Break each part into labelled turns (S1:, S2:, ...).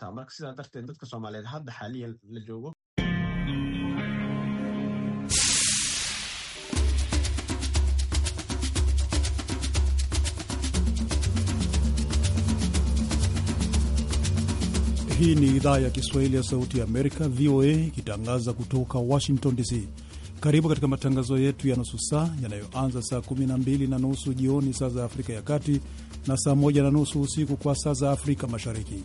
S1: marka sidaa darteed dadka Soomaaliyeed hadda xaaliyan la joogo
S2: Hii ni idhaa ya Kiswahili ya Sauti ya Amerika, VOA, ikitangaza kutoka Washington DC. Karibu katika matangazo yetu ya nusu saa yanayoanza saa 12 na nusu jioni saa za Afrika ya Kati na saa 1 na nusu usiku kwa saa za Afrika Mashariki.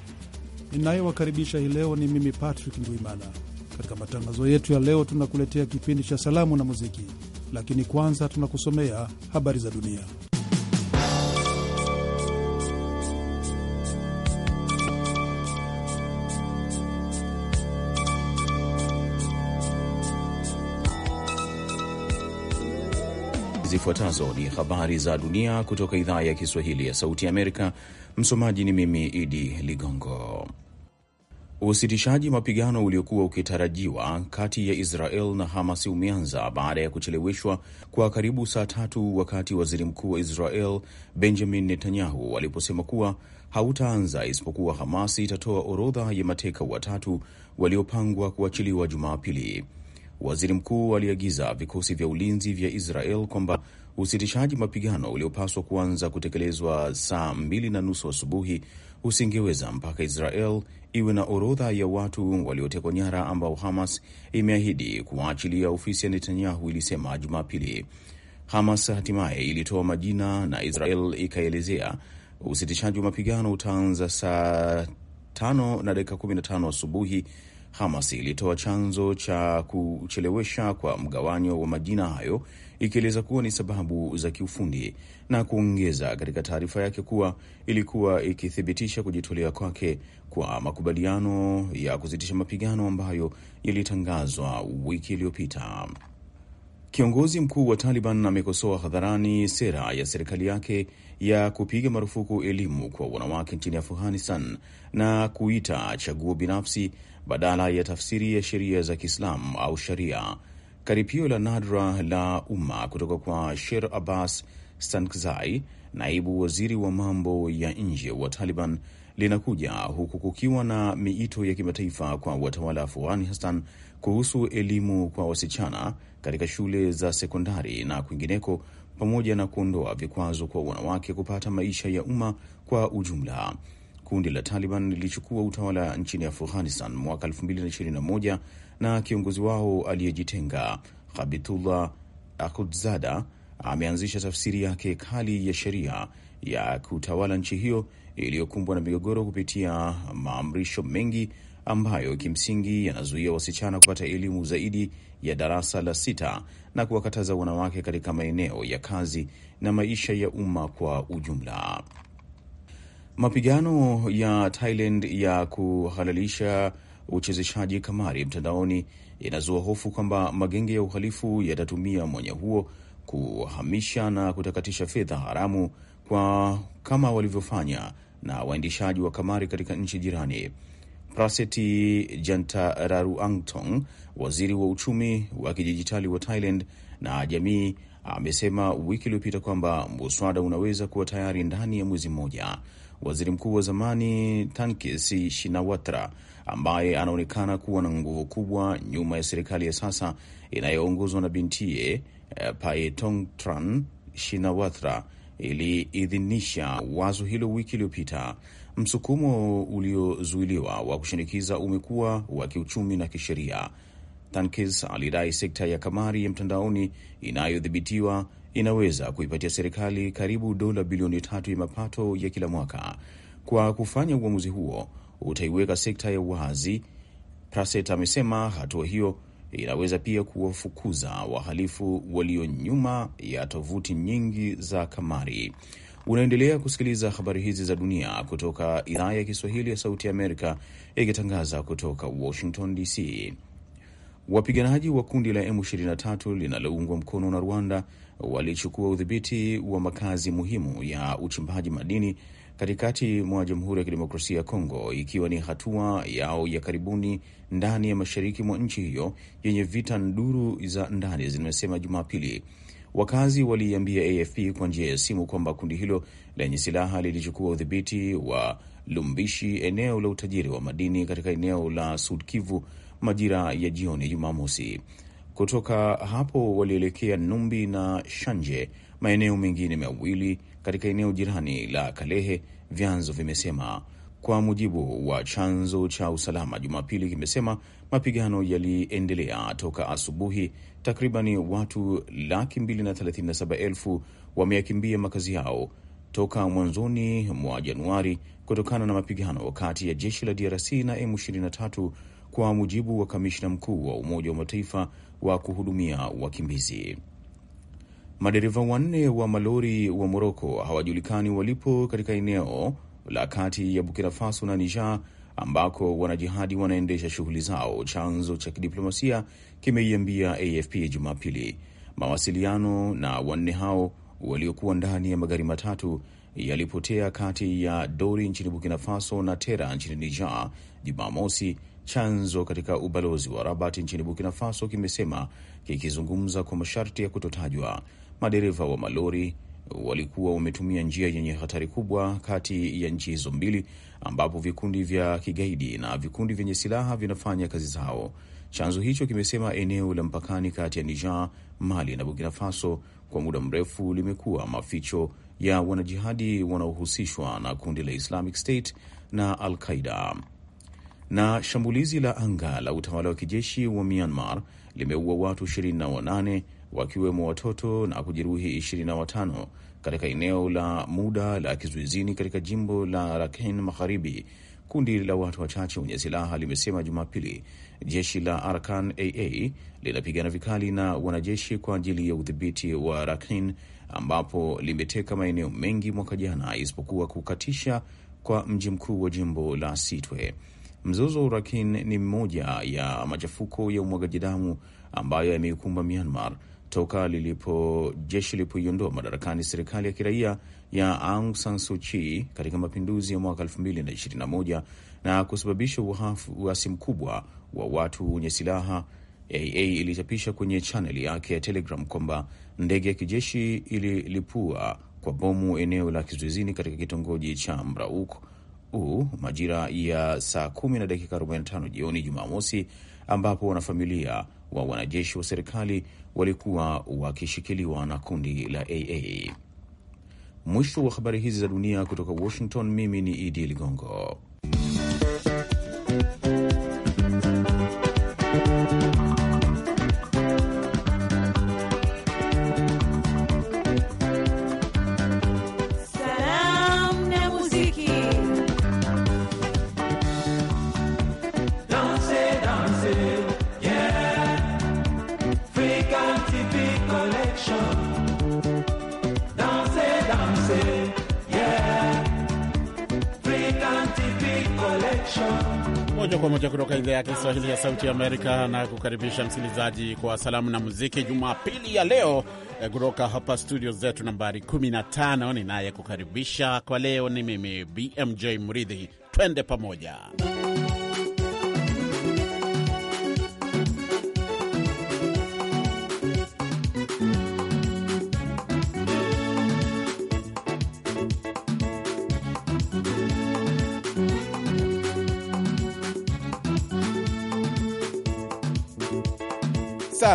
S2: ninayewakaribisha hii leo ni mimi Patrick Ndwimana. Katika matangazo yetu ya leo, tunakuletea kipindi cha salamu na muziki, lakini kwanza tunakusomea habari za dunia.
S3: Zifuatazo ni habari za dunia kutoka idhaa ya Kiswahili ya Sauti ya Amerika. Msomaji ni mimi Idi Ligongo. Usitishaji mapigano uliokuwa ukitarajiwa kati ya Israel na Hamas umeanza baada ya kucheleweshwa kwa karibu saa tatu wakati waziri mkuu wa Israel Benjamin Netanyahu aliposema kuwa hautaanza isipokuwa Hamas itatoa orodha ya mateka watatu waliopangwa kuachiliwa Jumapili. Waziri mkuu aliagiza vikosi vya ulinzi vya Israel kwamba usitishaji mapigano uliopaswa kuanza kutekelezwa saa mbili na nusu asubuhi usingeweza mpaka Israel iwe na orodha ya watu waliotekwa nyara ambao Hamas imeahidi kuwaachilia. Ofisi ya Netanyahu ilisema Jumapili. Hamas hatimaye ilitoa majina na Israel ikaelezea usitishaji wa mapigano utaanza saa tano na dakika 15 asubuhi Hamas ilitoa chanzo cha kuchelewesha kwa mgawanyo wa majina hayo, ikieleza kuwa ni sababu za kiufundi, na kuongeza katika taarifa yake kuwa ilikuwa ikithibitisha kujitolea kwake kwa makubaliano ya kusitisha mapigano ambayo yalitangazwa wiki iliyopita. Kiongozi mkuu wa Taliban amekosoa hadharani sera ya serikali yake ya kupiga marufuku elimu kwa wanawake nchini Afghanistan na kuita chaguo binafsi badala ya tafsiri ya sheria za Kiislamu au sharia. Karipio la nadra la umma kutoka kwa Sher Abbas Stankzai, naibu waziri wa mambo ya nje wa Taliban, linakuja huku kukiwa na miito ya kimataifa kwa watawala Afghanistan kuhusu elimu kwa wasichana katika shule za sekondari na kwingineko, pamoja na kuondoa vikwazo kwa wanawake kupata maisha ya umma kwa ujumla. Kundi la Taliban lilichukua utawala nchini Afghanistan mwaka 2021 na kiongozi wao aliyejitenga Habitullah Akhundzada ameanzisha tafsiri yake kali ya sheria ya kutawala nchi hiyo iliyokumbwa na migogoro kupitia maamrisho mengi ambayo kimsingi yanazuia wasichana kupata elimu zaidi ya darasa la sita na kuwakataza wanawake katika maeneo ya kazi na maisha ya umma kwa ujumla. Mapigano ya Thailand ya kuhalalisha uchezeshaji kamari mtandaoni inazua hofu kwamba magenge ya uhalifu yatatumia mwanya huo kuhamisha na kutakatisha fedha haramu kwa kama walivyofanya na waendeshaji wa kamari katika nchi jirani. Praseti Jantararuangtong, waziri wa uchumi wa kidijitali wa Thailand na jamii, amesema wiki iliyopita kwamba muswada unaweza kuwa tayari ndani ya mwezi mmoja waziri mkuu wa zamani Tankis Shinawatra ambaye anaonekana kuwa na nguvu kubwa nyuma ya serikali ya sasa inayoongozwa na bintiye eh, Paetongtran Shinawatra iliidhinisha wazo hilo wiki iliyopita. Msukumo uliozuiliwa wa kushinikiza umekuwa wa kiuchumi na kisheria. Tankis alidai sekta ya kamari ya mtandaoni inayodhibitiwa inaweza kuipatia serikali karibu dola bilioni tatu ya mapato ya kila mwaka. Kwa kufanya uamuzi huo, utaiweka sekta ya wazi. Praset amesema hatua hiyo inaweza pia kuwafukuza wahalifu walio nyuma ya tovuti nyingi za kamari. Unaendelea kusikiliza habari hizi za dunia kutoka idhaa ya Kiswahili ya Sauti ya Amerika, ikitangaza kutoka Washington DC. Wapiganaji wa kundi la M23 linaloungwa mkono na Rwanda walichukua udhibiti wa makazi muhimu ya uchimbaji madini katikati mwa Jamhuri ya Kidemokrasia ya Kongo, ikiwa ni hatua yao ya karibuni ndani ya mashariki mwa nchi hiyo yenye vita. Nduru za ndani zimesema Jumapili wakazi waliiambia AFP kwa njia ya simu kwamba kundi hilo lenye silaha lilichukua udhibiti wa Lumbishi, eneo la utajiri wa madini katika eneo la Sud Kivu majira ya jioni Jumamosi. Kutoka hapo walielekea Numbi na Shanje, maeneo mengine mawili katika eneo jirani la Kalehe, vyanzo vimesema. Kwa mujibu wa chanzo cha usalama Jumapili kimesema mapigano yaliendelea toka asubuhi. Takribani watu laki mbili na thelathini na saba elfu wameyakimbia makazi yao toka mwanzoni mwa Januari kutokana na mapigano kati ya jeshi la DRC na M23 kwa mujibu wa kamishna mkuu wa Umoja wa Mataifa wa kuhudumia wakimbizi. Madereva wanne wa malori wa Moroko hawajulikani walipo katika eneo la kati ya Burkina Faso na Niger ambako wanajihadi wanaendesha shughuli zao, chanzo cha kidiplomasia kimeiambia AFP Jumapili. Mawasiliano na wanne hao waliokuwa ndani ya magari matatu yalipotea kati ya Dori nchini Burkina Faso na Tera nchini Niger Jumamosi, Chanzo katika ubalozi wa Rabat nchini Burkina Faso kimesema kikizungumza kwa masharti ya kutotajwa, madereva wa malori walikuwa wametumia njia yenye hatari kubwa kati ya nchi hizo mbili, ambapo vikundi vya kigaidi na vikundi vyenye silaha vinafanya kazi zao. Chanzo hicho kimesema eneo la mpakani kati ya Niger, Mali na Burkina Faso kwa muda mrefu limekuwa maficho ya wanajihadi wanaohusishwa na kundi la Islamic State na Al Qaida. Na shambulizi la anga la utawala wa kijeshi wa Myanmar limeua watu 28 wakiwemo watoto na kujeruhi 25 katika eneo la muda la kizuizini katika jimbo la Rakhine Magharibi. Kundi la watu wachache wenye silaha limesema Jumapili jeshi la Arkan aa linapigana vikali na wanajeshi kwa ajili ya udhibiti wa Rakhine, ambapo limeteka maeneo mengi mwaka jana, isipokuwa kukatisha kwa mji mkuu wa jimbo la Sitwe. Mzozo wa Rakhine ni mmoja ya machafuko ya umwagaji damu ambayo yameikumba Myanmar toka lilipo jeshi lilipoiondoa madarakani serikali ya kiraia ya Aung San Suu Kyi katika mapinduzi ya mwaka 2021 na kusababisha uasi mkubwa wa watu wenye silaha. AA ilichapisha kwenye chaneli yake ya Telegram kwamba ndege ya kijeshi ililipua kwa bomu eneo la kizuizini katika kitongoji cha Mrauk huu majira ya saa kumi na dakika 45 jioni Jumamosi, ambapo wanafamilia wa wanajeshi wa serikali walikuwa wakishikiliwa na kundi la AA. Mwisho wa habari hizi za dunia kutoka Washington. Mimi ni Idi Ligongo.
S1: moja kwa moja kutoka idhaa ya Kiswahili ya Sauti Amerika na kukaribisha msikilizaji kwa salamu na muziki Jumapili ya leo eh, kutoka hapa studio zetu nambari 15. Ninayekukaribisha kwa leo ni mimi BMJ Mridhi, twende pamoja.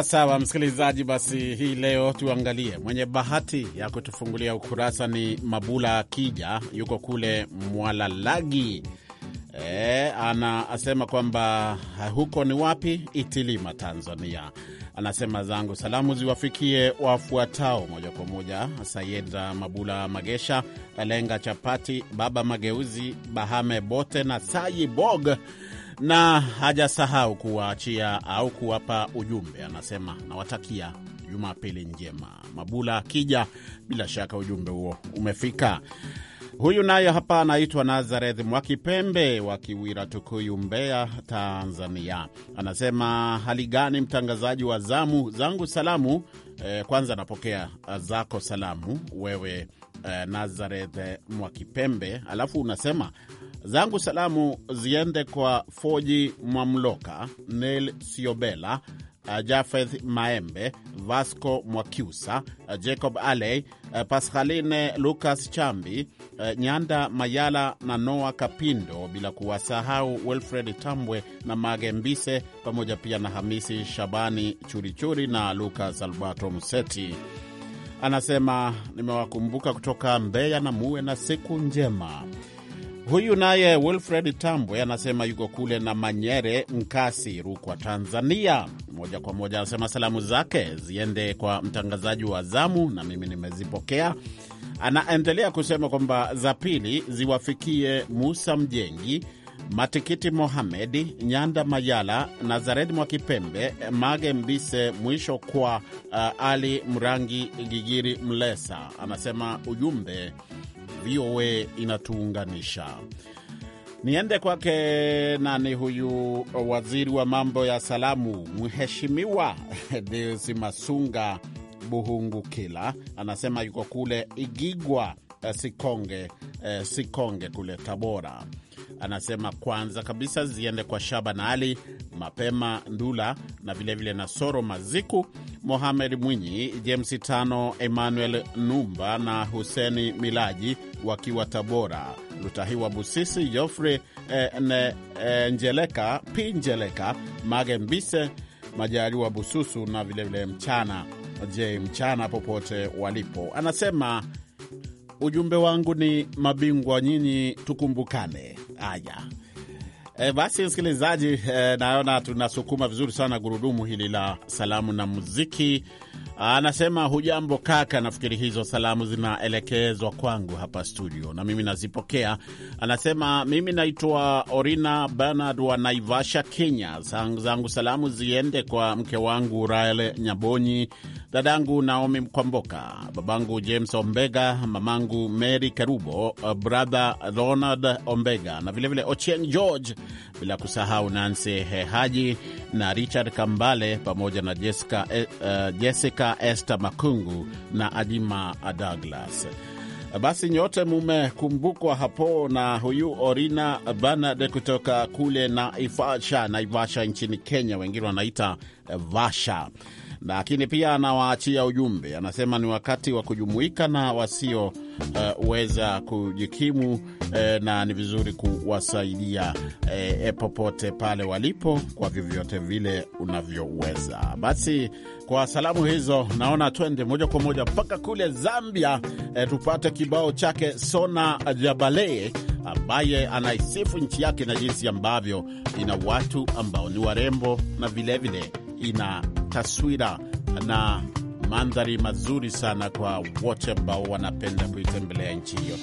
S1: Sawa msikilizaji, basi hii leo tuangalie. Mwenye bahati ya kutufungulia ukurasa ni Mabula Kija, yuko kule Mwalalagi. E, eh, anasema kwamba huko ni wapi? Itilima, Tanzania. Anasema zangu salamu ziwafikie wafuatao moja kwa moja: Sayeda Mabula Magesha, Lenga Chapati, Baba Mageuzi, Bahame Bote na Sayi Bog na hajasahau kuwaachia au kuwapa ujumbe, anasema nawatakia Jumapili njema. Mabula akija, bila shaka ujumbe huo umefika. Huyu naye hapa anaitwa Nazareth Mwakipembe wa Kiwira, Tukuyu, Mbeya, Tanzania. Anasema hali gani, mtangazaji wa zamu zangu salamu. Eh, kwanza napokea eh, zako salamu wewe, eh, Nazareth Mwakipembe, alafu unasema zangu salamu ziende kwa Foji Mwamloka, Nel Siobela, uh, Jafeth Maembe, Vasco Mwakiusa, uh, Jacob Aley, uh, Pascaline Lucas Chambi, Nyanda Mayala na Noa Kapindo, bila kuwasahau Wilfred Tambwe na Magembise, pamoja pia na Hamisi Shabani Churichuri na Lucas Albato Mseti. Anasema nimewakumbuka kutoka Mbeya na muwe na siku njema. Huyu naye Wilfred Tambwe anasema yuko kule na Manyere Mkasi, Rukwa, Tanzania. Moja kwa moja anasema salamu zake ziende kwa mtangazaji wa zamu, na mimi nimezipokea. Anaendelea kusema kwamba za pili ziwafikie Musa Mjengi, Matikiti Mohamedi, Nyanda Mayala, Nazaredi Mwakipembe, Mage Mbise, mwisho kwa uh, Ali Mrangi Gigiri Mlesa. Anasema ujumbe VOA inatuunganisha. Niende kwake nani huyu waziri wa mambo ya salamu, Mheshimiwa Deusi Masunga Buhungukila, anasema yuko kule Igigwa Eh, Sikonge, eh, Sikonge kule Tabora. Anasema kwanza kabisa ziende kwa na Ali Mapema Ndula na vilevile vile soro Maziku, Mohamed Mwinyi, James Tano, Emmanuel Numba na Huseni Milaji wakiwa Tabora, Lutahiwa Busisi, Jofrey eh, eh, Njeleka Njeleka, Mage Mbise, Majaliwa Bususu na vilevile vile Mchana J Mchana popote walipo, anasema Ujumbe wangu ni mabingwa nyinyi, tukumbukane. Haya e, eh, basi msikilizaji e, naona tunasukuma vizuri sana gurudumu hili la salamu na muziki Anasema hujambo kaka, nafikiri hizo salamu zinaelekezwa kwangu hapa studio na mimi nazipokea. Anasema mimi naitwa Orina Bernard wa Naivasha, Kenya. Zangu salamu ziende kwa mke wangu Rael Nyabonyi, dadangu Naomi Mkwamboka, babangu James Ombega, mamangu Mary Kerubo, brother Ronald Ombega na vilevile vile Ochieng George, bila kusahau Nancy hehaji na Richard Kambale pamoja na Jessica, uh, Jessica Dr. Esther Makungu na Adima Douglas. Basi nyote mumekumbukwa hapo na huyu Orina bernard kutoka kule na Ifasha, Naivasha nchini Kenya, wengine wanaita Vasha lakini pia anawaachia ujumbe. Anasema ni wakati wa kujumuika na wasioweza eh, uh, kujikimu uh, na ni vizuri kuwasaidia uh, popote pale walipo kwa vyovyote vile unavyoweza. Basi kwa salamu hizo, naona twende moja kwa moja mpaka kule Zambia, uh, tupate kibao chake Sona Jabale ambaye anaisifu nchi yake na jinsi ambavyo ina watu ambao ni warembo na vilevile vile ina taswira na mandhari mazuri sana kwa wote ambao wanapenda kuitembelea nchi hiyo.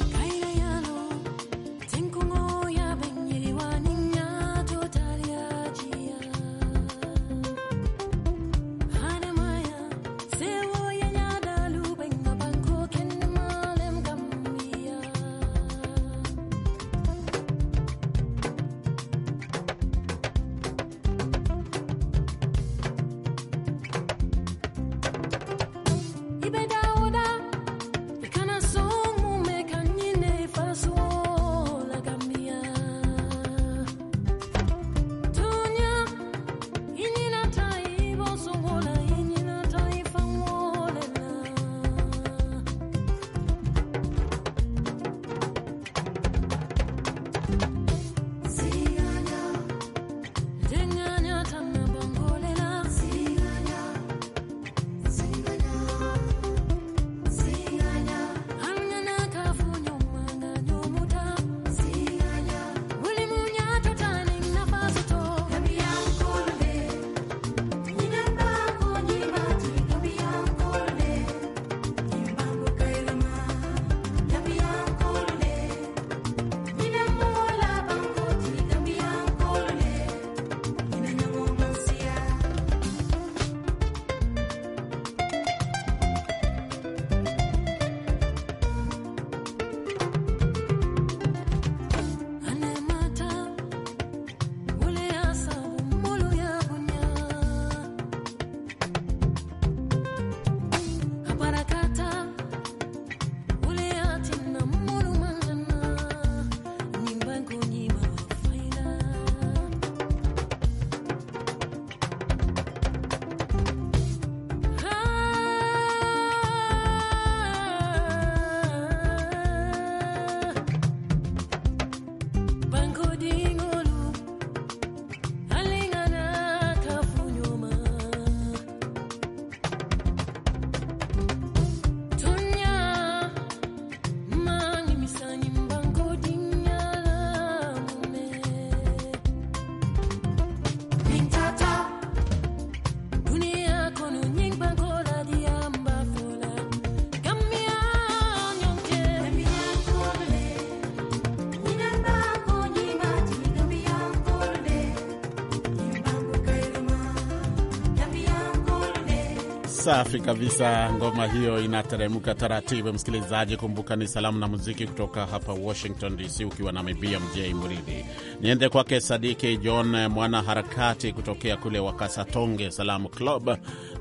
S1: Safi kabisa, ngoma hiyo inateremka taratibu. Msikilizaji, kumbuka ni salamu na muziki kutoka hapa Washington DC, ukiwa na BMJ mridhi Niende kwake Sadiki John, mwanaharakati kutokea kule Wakasatonge Salamu Club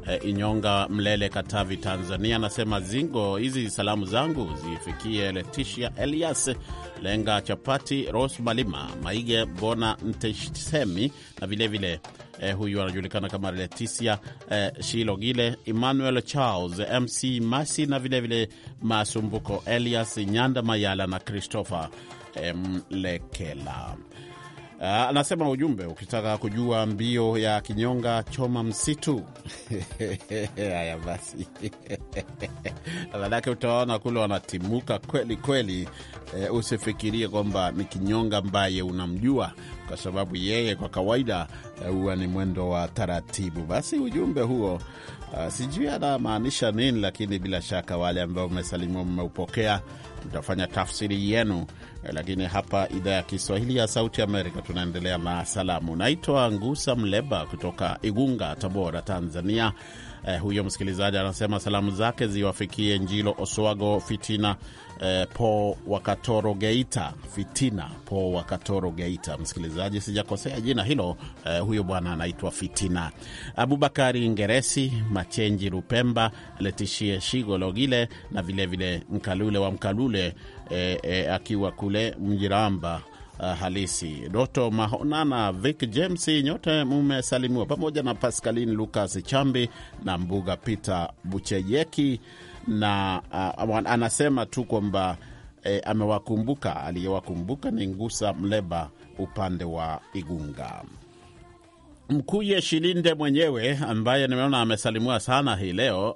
S1: eh, Inyonga Mlele, Katavi, Tanzania, anasema zingo hizi salamu zangu zifikie Leticia Elias Lenga Chapati, ros Malima, Maige Bona Ntesemi na vilevile eh, huyu anajulikana kama Leticia eh, Shilogile, Emmanuel Charles, MC Masi na vilevile vile Masumbuko Elias Nyanda Mayala na Christopher eh, Mlekela. Ah, anasema ujumbe, ukitaka kujua mbio ya kinyonga choma msitu. Haya basi, maanake utaona kule wanatimuka kweli kweli. Uh, usifikirie kwamba ni kinyonga ambaye unamjua kwa sababu yeye kwa kawaida eh, huwa ni mwendo wa taratibu. Basi ujumbe huo uh, sijui anamaanisha nini, lakini bila shaka wale ambao mmesalimiwa mmeupokea tutafanya tafsiri yenu, eh, lakini hapa idhaa ya Kiswahili ya Sauti Amerika tunaendelea na salamu. Naitwa Ngusa Mleba kutoka Igunga, Tabora, Tanzania. Eh, huyo msikilizaji anasema salamu zake ziwafikie Njilo Oswago Fitina, eh, Po Wakatoro Geita, Fitina Po Wakatoro Geita. Msikilizaji, sijakosea jina hilo. Eh, huyo bwana anaitwa Fitina. Abubakari Ngeresi, Machenji Rupemba, Letishie shigo logile na vilevile vile Mkalule wa Mkalule, eh, eh, akiwa kule Mjiramba Eh, halisi. Doto Mahonana, Vic James, nyote mumesalimiwa pamoja na pascalin Lucas Chambi na Mbuga Peter Bucheyeki, na uh, anasema tu kwamba E, amewakumbuka aliyewakumbuka ni Ngusa Mleba upande wa Igunga. Mkuye Shilinde mwenyewe ambaye nimeona amesalimiwa sana hii leo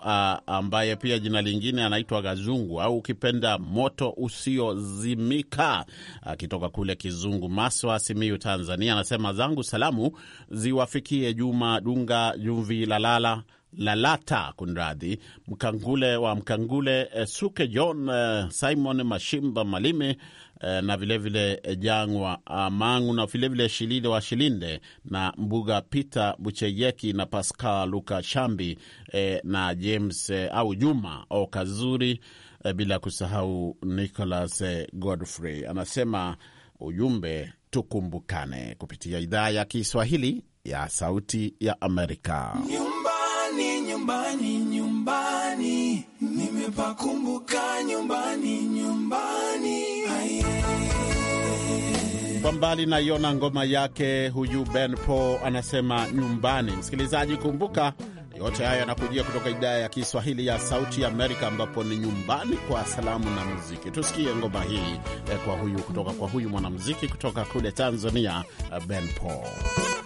S1: ambaye pia jina lingine anaitwa Gazungu au ukipenda moto usiozimika, akitoka kule Kizungu Maswa, Simiyu, Tanzania, anasema zangu salamu ziwafikie Juma Dunga, Jumvi Lalala Lalata, kunradhi, Mkangule wa Mkangule, eh, Suke John, eh, Simon Mashimba Malime Eh, na vilevile vile eh, Jangwa ah, Mangu na vilevile Shilinde wa Shilinde na Mbuga Peter Bucheyeki na Pascal Luka Shambi eh, na James au Juma Okazuri bila kusahau Nicholas Godfrey. Anasema ujumbe tukumbukane kupitia idhaa ya Kiswahili ya Sauti ya Amerika.
S4: Nyumbani, nyumbani, nyumbani nimepakumbuka nyumbani, nyumbani
S1: kwa mbali naiona ngoma yake huyu Ben Paul anasema nyumbani. Msikilizaji, kumbuka yote haya yanakujia kutoka idhaa ya Kiswahili ya Sauti Amerika, ambapo ni nyumbani kwa salamu na muziki. Tusikie ngoma hii eh, kwa huyu kutoka kwa huyu mwanamuziki kutoka kule Tanzania, eh, Ben Paul.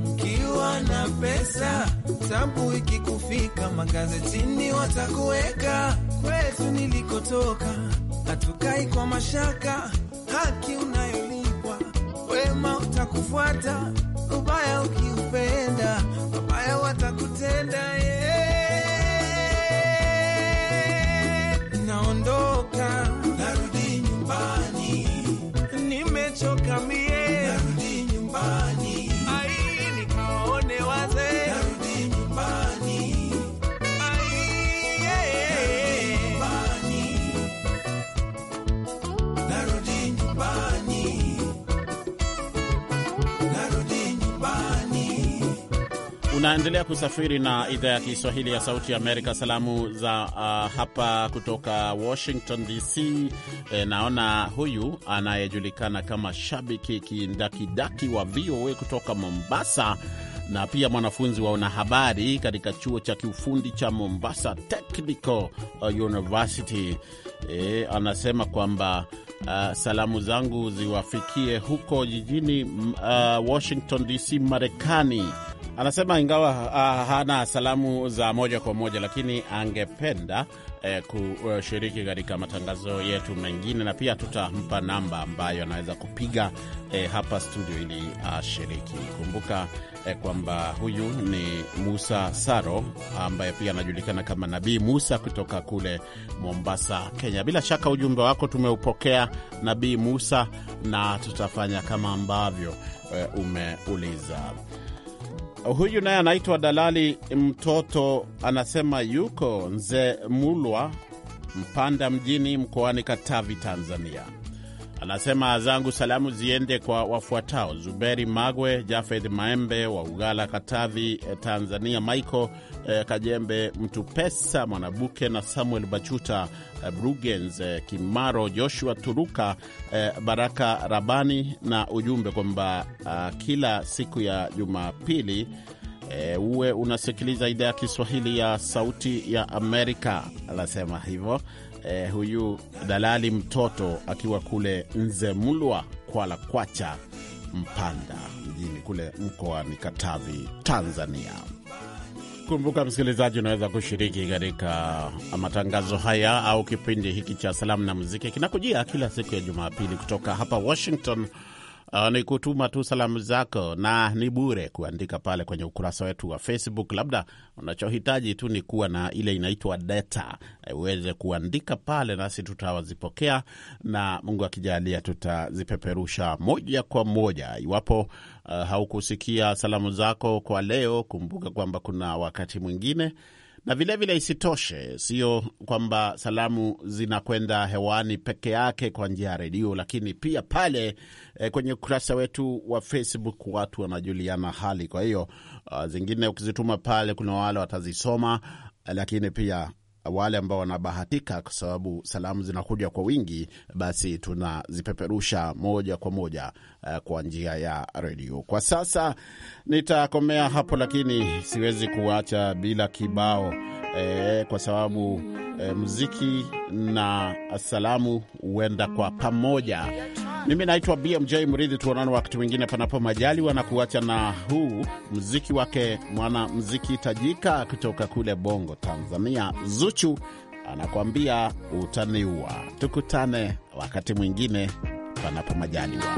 S4: ukiwa na pesa, tabu ikikufika, magazetini watakuweka. Kwetu nilikotoka, hatukai kwa mashaka, haki unayolipwa, wema utakufuata, ubaya ukiupenda, mabaya watakutenda.
S1: Unaendelea kusafiri na idhaa ya Kiswahili ya Sauti ya Amerika. Salamu za uh, hapa kutoka Washington DC. E, eh, naona huyu anayejulikana kama shabiki kindakidaki wa VOA kutoka Mombasa na pia mwanafunzi wa wanahabari katika chuo cha kiufundi cha Mombasa Technical uh, University. E, anasema kwamba uh, salamu zangu ziwafikie huko jijini uh, Washington DC, Marekani. Anasema ingawa ah, hana salamu za moja kwa moja, lakini angependa eh, kushiriki katika matangazo yetu mengine, na pia tutampa namba ambayo anaweza kupiga eh, hapa studio ili ashiriki. Kumbuka eh, kwamba huyu ni Musa Saro ambaye pia anajulikana kama Nabii Musa kutoka kule Mombasa, Kenya. Bila shaka ujumbe wako tumeupokea Nabii Musa, na tutafanya kama ambavyo eh, umeuliza. Uh, huyu naye anaitwa Dalali Mtoto, anasema yuko Nze Mulwa, Mpanda mjini, mkoani Katavi, Tanzania. Anasema zangu salamu ziende kwa wafuatao: Zuberi Magwe, Jafeth Maembe wa Ugala, Katavi, eh, Tanzania, Michael eh, Kajembe pesa Mwanabuke na Samuel Bachuta eh, Brugens eh, Kimaro Joshua Turuka eh, Baraka Rabani na ujumbe kwamba ah, kila siku ya Jumapili eh, uwe unasikiliza idhaa ya Kiswahili ya Sauti ya Amerika, anasema hivyo eh, huyu dalali mtoto akiwa kule Nzemulwa Kwala Kwacha Mpanda mjini kule mkoani Katavi, Tanzania. Kumbuka msikilizaji, unaweza kushiriki katika matangazo haya au kipindi hiki cha salamu na muziki kinakujia kila siku ya Jumapili kutoka hapa Washington. Uh, ni kutuma tu salamu zako na ni bure kuandika pale kwenye ukurasa wetu wa Facebook. Labda unachohitaji tu ni kuwa na ile inaitwa data, uweze kuandika pale, nasi tutawazipokea na Mungu akijalia, tutazipeperusha moja kwa moja. Iwapo uh, haukusikia salamu zako kwa leo, kumbuka kwamba kuna wakati mwingine na vilevile vile isitoshe, sio kwamba salamu zinakwenda hewani peke yake kwa njia ya redio, lakini pia pale e, kwenye ukurasa wetu wa Facebook watu wanajuliana hali. Kwa hiyo uh, zingine ukizituma pale, kuna wale watazisoma, lakini pia wale ambao wanabahatika, kwa sababu salamu zinakuja kwa wingi, basi tunazipeperusha moja kwa moja uh, kwa njia ya redio. Kwa sasa nitakomea hapo, lakini siwezi kuacha bila kibao e, kwa sababu e, muziki na salamu huenda kwa pamoja. Mimi naitwa BMJ Mridhi, tuonane wakati mwingine panapo majali Wanakuacha na huu muziki wake mwana muziki tajika kutoka kule Bongo, Tanzania, Zuchu anakuambia utaniua. Tukutane wakati mwingine panapo majaliwa.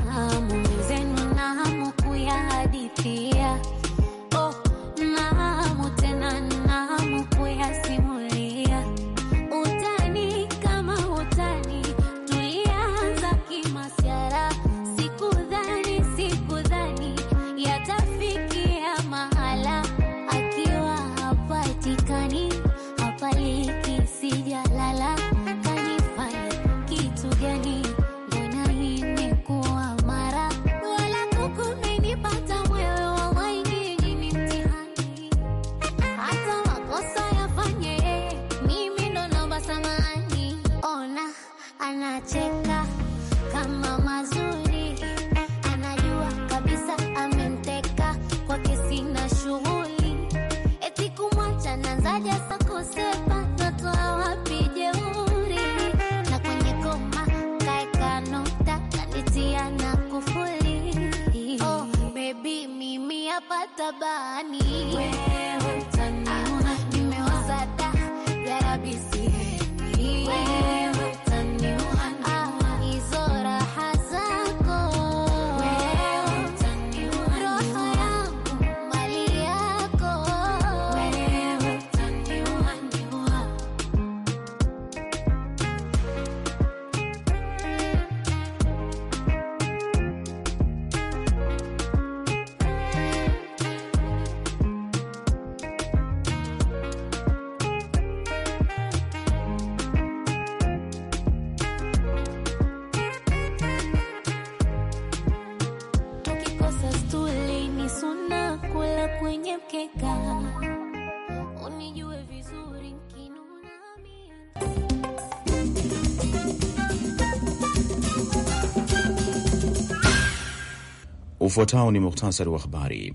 S3: Ufuatao ni muhtasari wa habari.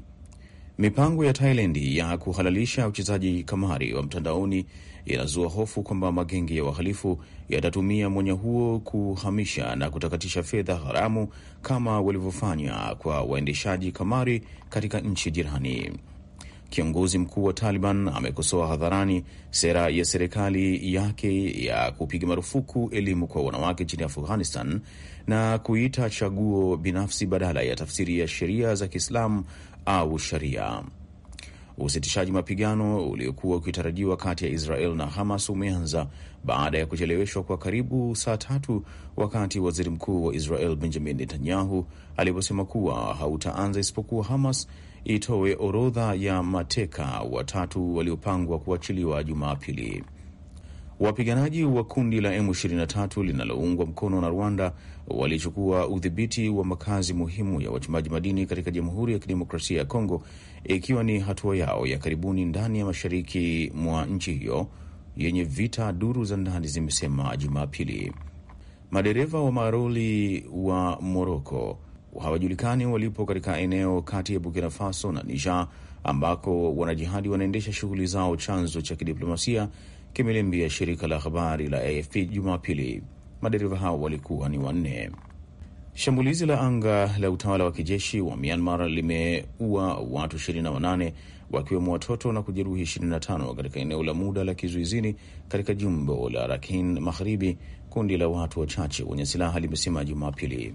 S3: Mipango ya Thailand ya kuhalalisha uchezaji kamari wa mtandaoni inazua hofu kwamba magenge ya wahalifu yatatumia mwenye huo kuhamisha na kutakatisha fedha haramu kama walivyofanya kwa waendeshaji kamari katika nchi jirani. Kiongozi mkuu wa Taliban amekosoa hadharani sera ya serikali yake ya kupiga marufuku elimu kwa wanawake nchini Afghanistan na kuita chaguo binafsi badala ya tafsiri ya sheria za Kiislamu au sharia. Usitishaji mapigano uliokuwa ukitarajiwa kati ya Israel na Hamas umeanza baada ya kucheleweshwa kwa karibu saa tatu, wakati waziri mkuu wa Israel Benjamin Netanyahu aliposema kuwa hautaanza isipokuwa Hamas itoe orodha ya mateka watatu waliopangwa kuachiliwa Jumapili. Wapiganaji wa kundi la M23 linaloungwa mkono na Rwanda walichukua udhibiti wa makazi muhimu ya wachimbaji madini katika Jamhuri ya Kidemokrasia ya Kongo, ikiwa ni hatua yao ya karibuni ndani ya mashariki mwa nchi hiyo yenye vita, duru za ndani zimesema Jumapili. Madereva wa maroli wa Moroko hawajulikani walipo katika eneo kati ya Burkina Faso na Niger ambako wanajihadi wanaendesha shughuli zao, chanzo cha kidiplomasia kimeliambia shirika la habari la AFP Jumapili. Madereva hao walikuwa ni wanne. Shambulizi la anga la utawala wa kijeshi wa Myanmar limeua watu 28 wakiwemo watoto na kujeruhi 25 katika eneo la muda la kizuizini katika jimbo la Rakhine Magharibi. Kundi la watu wachache wenye silaha limesema Jumapili.